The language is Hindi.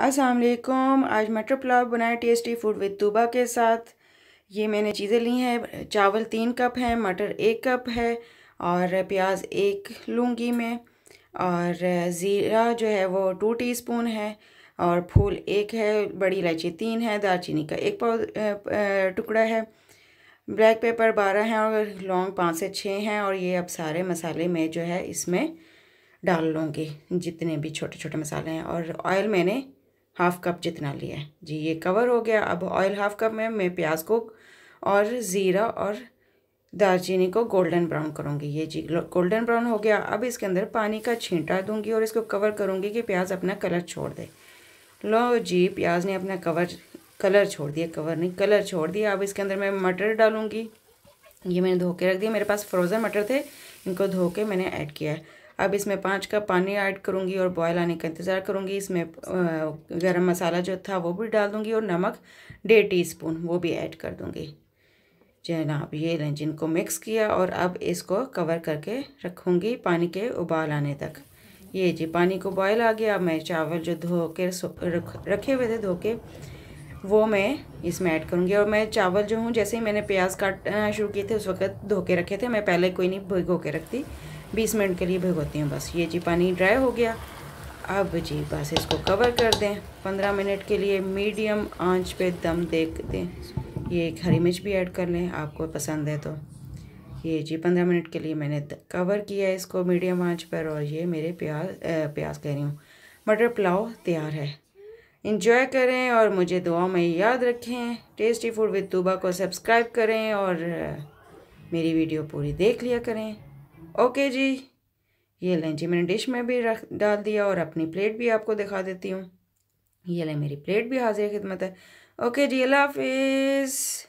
अस्सलाम वालेकुम आज मटर पुलाव बनाए टेस्टी फूड विद दूबा के साथ ये मैंने चीज़ें ली हैं चावल तीन कप हैं मटर एक कप है और प्याज एक लूँगी मैं और ज़ीरा जो है वो टू टीस्पून है और फूल एक है बड़ी इलायची तीन है दालचीनी का एक पाव टुकड़ा है ब्लैक पेपर बारह हैं और लौंग पाँच से छः हैं और ये अब सारे मसाले मैं जो है इसमें डाल लूँगी जितने भी छोटे छोटे मसाले हैं और ऑयल मैंने हाफ़ कप जितना लिया है जी ये कवर हो गया अब ऑयल हाफ़ कप में मैं प्याज को और ज़ीरा और दालचीनी को गोल्डन ब्राउन करूँगी ये जी गोल्डन ब्राउन हो गया अब इसके अंदर पानी का छींटा दूंगी और इसको कवर करूँगी कि प्याज अपना कलर छोड़ दे लो जी प्याज ने अपना कवर कलर छोड़ दिया कवर नहीं कलर छोड़ दिया अब इसके अंदर मैं मटर डालूंगी ये मैंने धो के रख दिया मेरे पास फ्रोज़न मटर थे इनको धो के मैंने ऐड किया है अब इसमें पाँच कप पानी ऐड करूँगी और बॉयल आने का इंतज़ार करूँगी इसमें गरम मसाला जो था वो भी डाल दूँगी और नमक डेढ़ टी स्पून वो भी ऐड कर दूँगी जनाब ये लें जिनको मिक्स किया और अब इसको कवर करके रखूँगी पानी के उबाल आने तक ये जी पानी को बॉयल आ गया अब मैं चावल जो धो के रखे हुए थे धो के वो मैं इसमें ऐड करूँगी और मैं चावल जो हूँ जैसे ही मैंने प्याज काटना शुरू किए थे उस वक्त धो के रखे थे मैं पहले कोई नहीं भिगो के रखती बीस मिनट के लिए भिगोती हूँ बस ये जी पानी ड्राई हो गया अब जी बस इसको कवर कर दें पंद्रह मिनट के लिए मीडियम आंच पे दम देख दें ये एक हरी मिर्च भी ऐड कर लें आपको पसंद है तो ये जी पंद्रह मिनट के लिए मैंने कवर किया है इसको मीडियम आंच पर और ये मेरे प्याज प्याज कह रही हूँ मटर पुलाव तैयार है इंजॉय करें और मुझे दुआ में याद रखें टेस्टी फूड विद तूबा को सब्सक्राइब करें और मेरी वीडियो पूरी देख लिया करें ओके जी ये लें जी मैंने डिश में भी रख डाल दिया और अपनी प्लेट भी आपको दिखा देती हूँ ये लें मेरी प्लेट भी हाजिर खिदमत है ओके जी अल्लाह हाफिज़